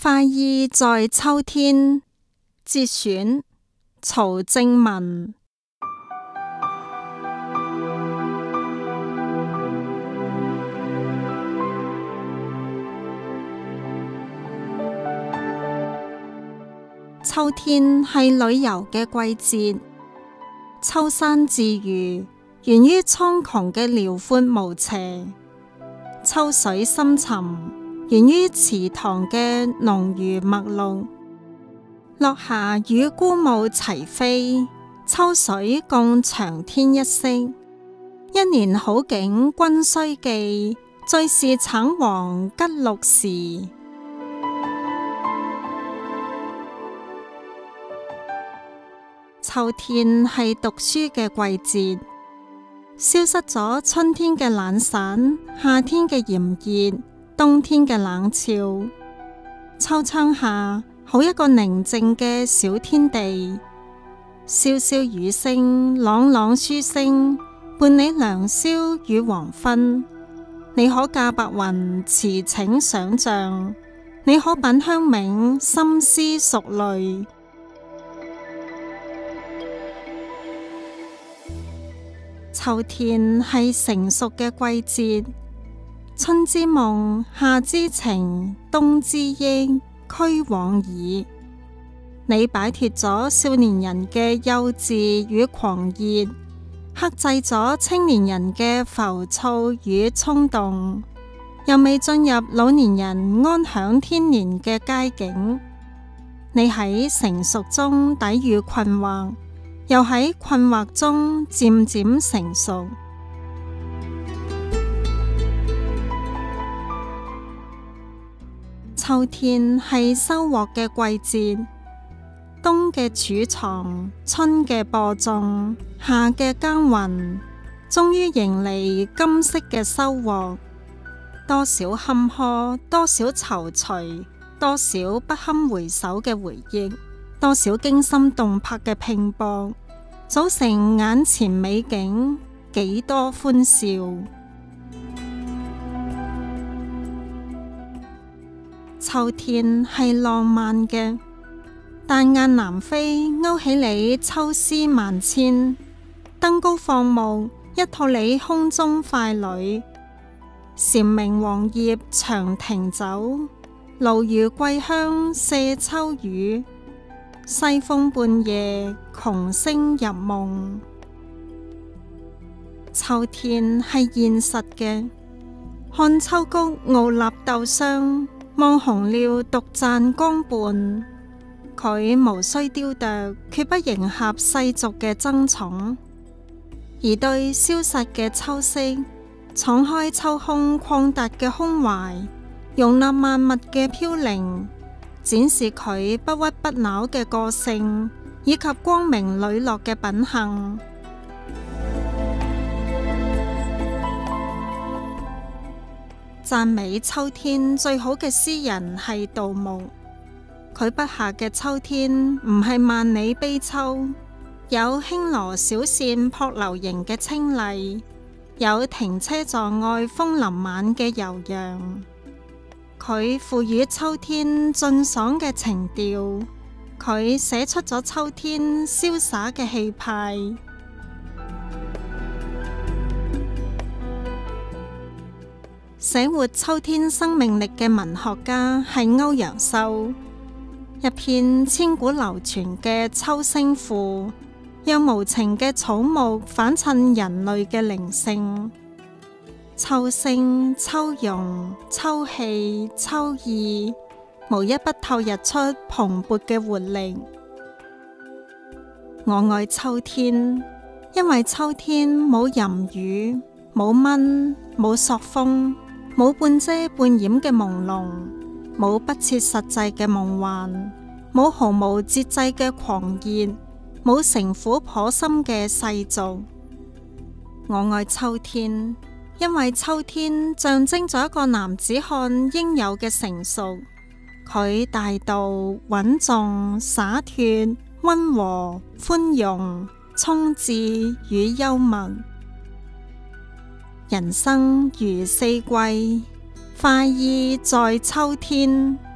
快意在秋天，節選曹正文。秋天係旅遊嘅季節，秋山自如，源於蒼穹嘅遼闊無邪，秋水深沉。源於池塘嘅濃如墨綠，落霞與孤鶩齊飛，秋水共長天一色。一年好景君須記，最是橙黃橘綠時。 秋天係讀書嘅季節，消失咗春天嘅懶散，夏天嘅炎熱。冬天嘅冷峭，秋窗下好一個寧靜嘅小天地。瀟瀟雨聲，朗朗書聲，伴你良宵與黃昏。你可駕白雲，馳騁想象；你可品香茗，心思熟慮。秋天係成熟嘅季節。春之夢，夏之情，冬之英，俱往矣。你擺脫咗少年人嘅幼稚與狂熱，克制咗青年人嘅浮躁與衝動，又未進入老年人安享天年嘅佳境。你喺成熟中抵禦困惑，又喺困惑中漸漸成熟。秋天係收穫嘅季節，冬嘅儲藏，春嘅播種，夏嘅耕耘，終於迎嚟金色嘅收穫。多少坎坷，多少躊躇，多少不堪回首嘅回憶，多少驚心動魄嘅拼搏，組成眼前美景，幾多歡笑。秋天係浪漫嘅，大雁南飛勾起你秋思萬千；登高放目，一吐你胸中塊壘；蟬鳴黃葉，長亭酒，鱸魚桂香，謝秋雨；西風半夜，蛩聲入夢。秋天係現實嘅，看秋菊傲立鬥霜。望紅鳥獨贊光畔，佢無需雕琢，絕不迎合世俗嘅爭寵；而對消逝嘅秋色，敞開秋空曠達嘅胸懷，容納萬物嘅飄零，展示佢不屈不撓嘅個性，以及光明磊落嘅品行。讚美秋天最好嘅詩人係杜牧，佢筆下嘅秋天唔係萬里悲秋，有輕羅小扇撲流螢嘅清麗，有停車坐愛楓林晚嘅悠揚。佢賦予秋天俊爽嘅情調，佢寫出咗秋天瀟灑嘅氣派。寫活秋天生命力嘅文學家係歐陽修。一片千古流傳嘅《秋聲賦》，讓無情嘅草木反襯人類嘅靈性。秋聲、秋容、秋氣、秋意，無一不透日出蓬勃嘅活力。我愛秋天，因為秋天冇淫雨，冇蚊，冇朔風。冇半遮半掩嘅朦朧，冇不切實際嘅夢幻，冇毫無節制嘅狂熱，冇城府頗深嘅世故。我愛秋天，因為秋天象徵咗一個男子漢應有嘅成熟。佢大度、穩重、灑脫、溫和、寬容、聰智與幽默。人生如四季，快意在秋天。